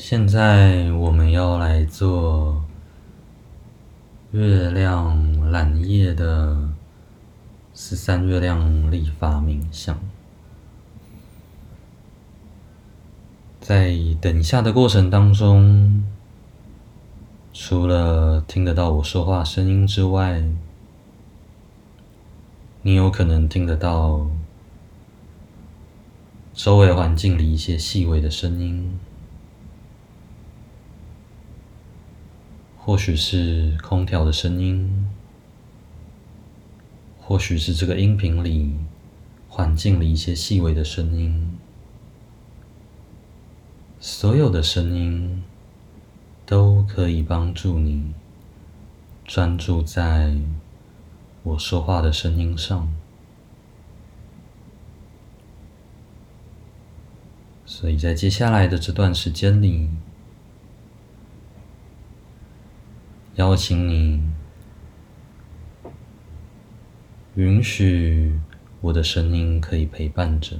現在我們要來做月亮藍夜的十三月亮曆法冥想，在等一下的過程當中，除了聽得到我說話聲音之外，你有可能聽得到周圍環境裡一些細微的聲音。或許是空調的聲音，或許是這個音頻裡環境裡一些細微的聲音，所有的聲音都可以幫助你專注在我說話的聲音上。所以在接下來的這段時間裡。邀請你，允許我的聲音可以陪伴着。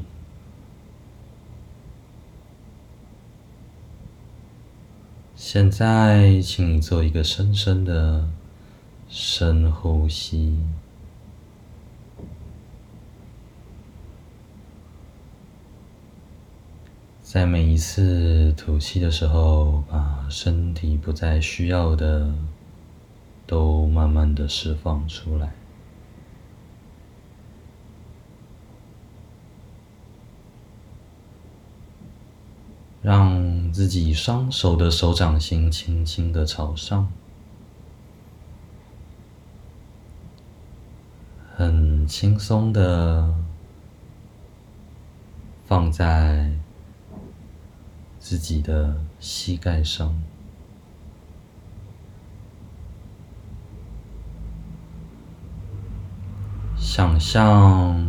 現在，請你做一個深深的深呼吸，在每一次吐氣的時候，把身體不再需要的。都慢慢的釋放出來，讓自己雙手的手掌心輕輕的朝上，很輕鬆的放在自己的膝蓋上。想象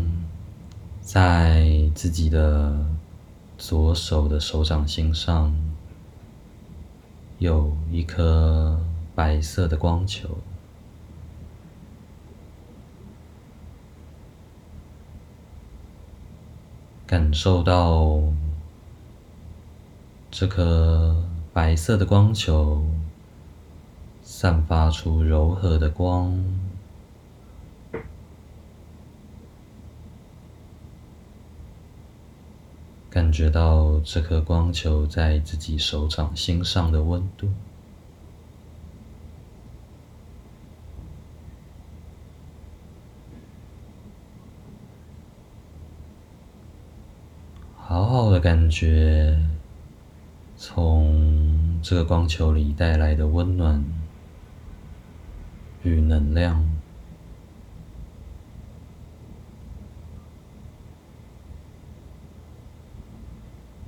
在自己的左手的手掌心上有一顆白色的光球，感受到這顆白色的光球散發出柔和的光。感覺到這顆光球在自己手掌心上的溫度，好好的感覺，從這個光球裡帶來的溫暖與能量。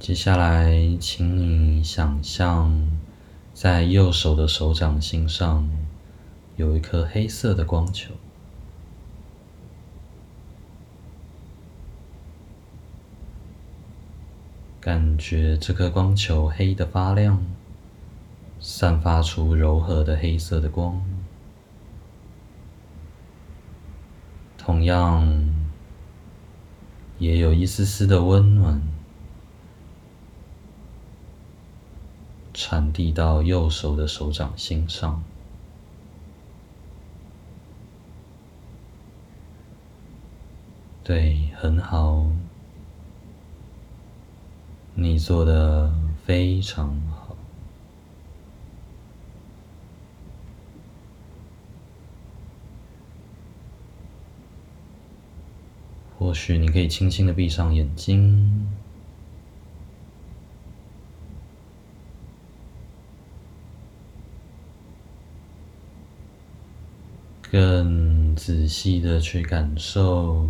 接下來，請你想象，在右手的手掌心上，有一顆黑色的光球。感覺這顆光球黑得發亮，散發出柔和的黑色的光，同樣也有一絲絲的溫暖。傳遞到右手的手掌心上。對，很好。你做的非常好。或許你可以輕輕的閉上眼睛。更仔細的去感受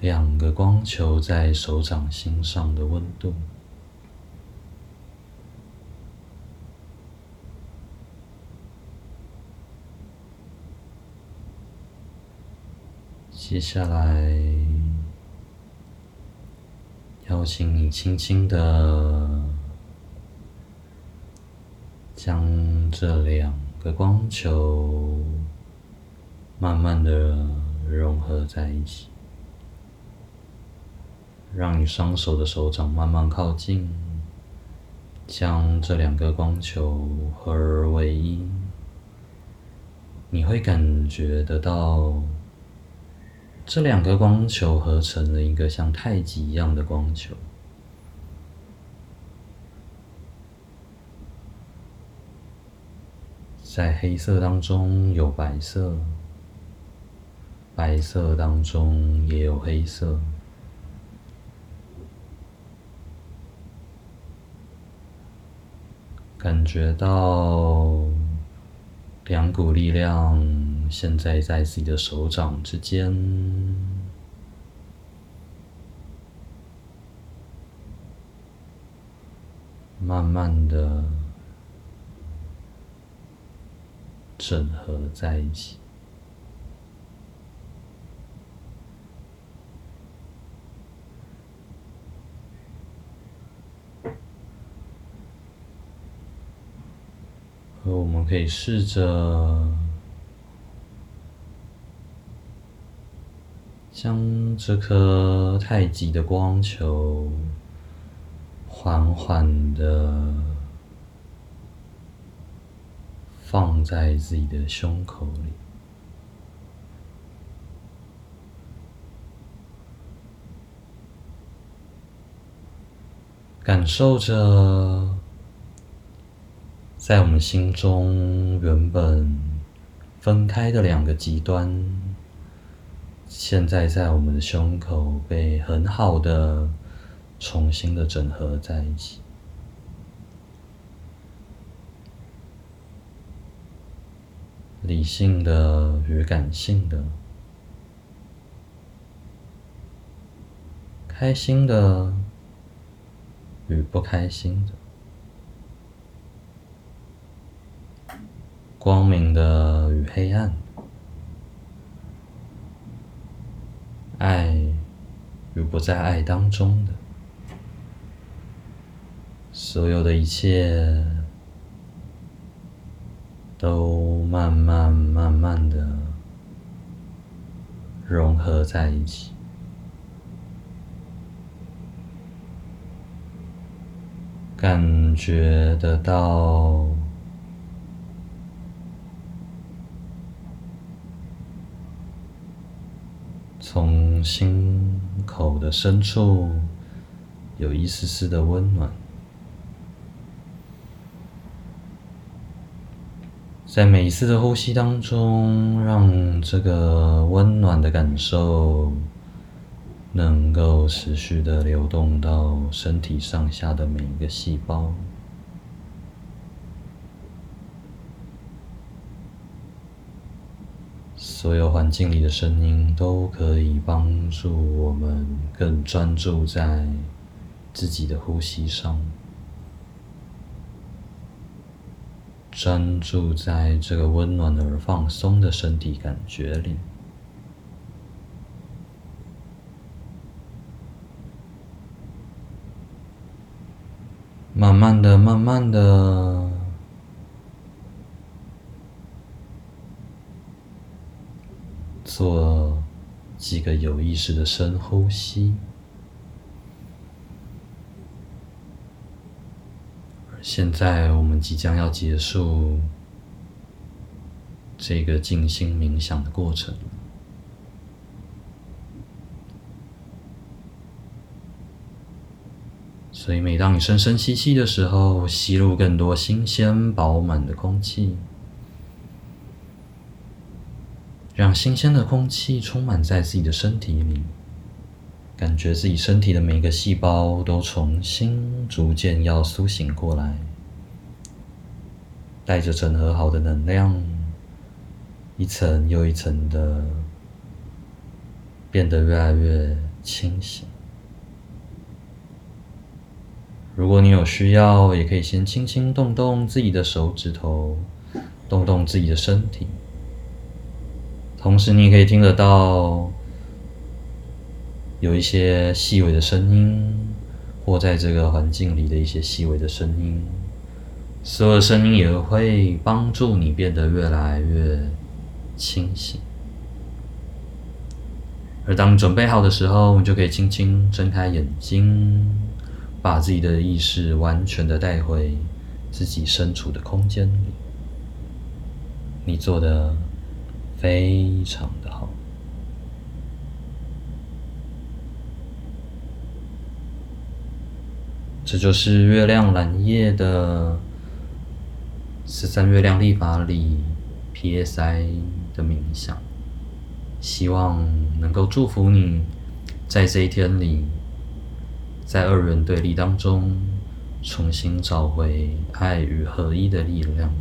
兩個光球在手掌心上的溫度。接下來，邀請你輕輕的將這兩個光球。慢慢的融合在一起，讓你雙手的手掌慢慢靠近，將這兩個光球合而為一。你會感覺得到，這兩個光球合成了一個像太極一樣的光球，在黑色當中有白色。白色當中也有黑色，感覺到兩股力量現在在自己的手掌之間，慢慢的整合在一起。我們可以試着將這顆太極的光球緩緩的放在自己的胸口裡，感受着。在我們心中，原本分開的兩個極端，現在在我們的胸口被很好的重新的整合在一起。理性的與感性的，開心的與不開心的。光明的與黑暗，愛與不在愛當中的，所有的一切，都慢慢慢慢的融合在一起，感覺得到。從心口的深處有一絲絲的溫暖，在每一次的呼吸當中，讓這個溫暖的感受能夠持續的流動到身體上下的每一個細胞。所有環境裡的聲音都可以幫助我們更專注在自己的呼吸上，專注在這個溫暖而放鬆的身體感覺裡，慢慢的，慢慢的。做幾個有意識的深呼吸。而現在我們即將要結束這個靜心冥想的過程，所以每當你深深吸氣的時候，吸入更多新鮮、飽滿的空氣。讓新鮮的空氣充滿在自己的身體裡，感覺自己身體的每一個細胞都重新逐漸要甦醒過來，帶着整合好的能量，一層又一層的變得越來越清醒。如果你有需要，也可以先輕輕動動自己的手指頭，動動自己的身體。同時，你也可以聽得到有一些細微的聲音，或在這個環境裡的一些細微的聲音。所有的聲音也會幫助你變得越來越清醒。而當你準備好的時候，你就可以輕輕睜開眼睛，把自己的意識完全的帶回自己身處的空間裡。你做的。非常的好，這就是月亮藍夜的十三月亮曆法裡 PSI 的冥想，希望能夠祝福你，在這一天裡，在二人對立當中，重新找回愛與合一的力量。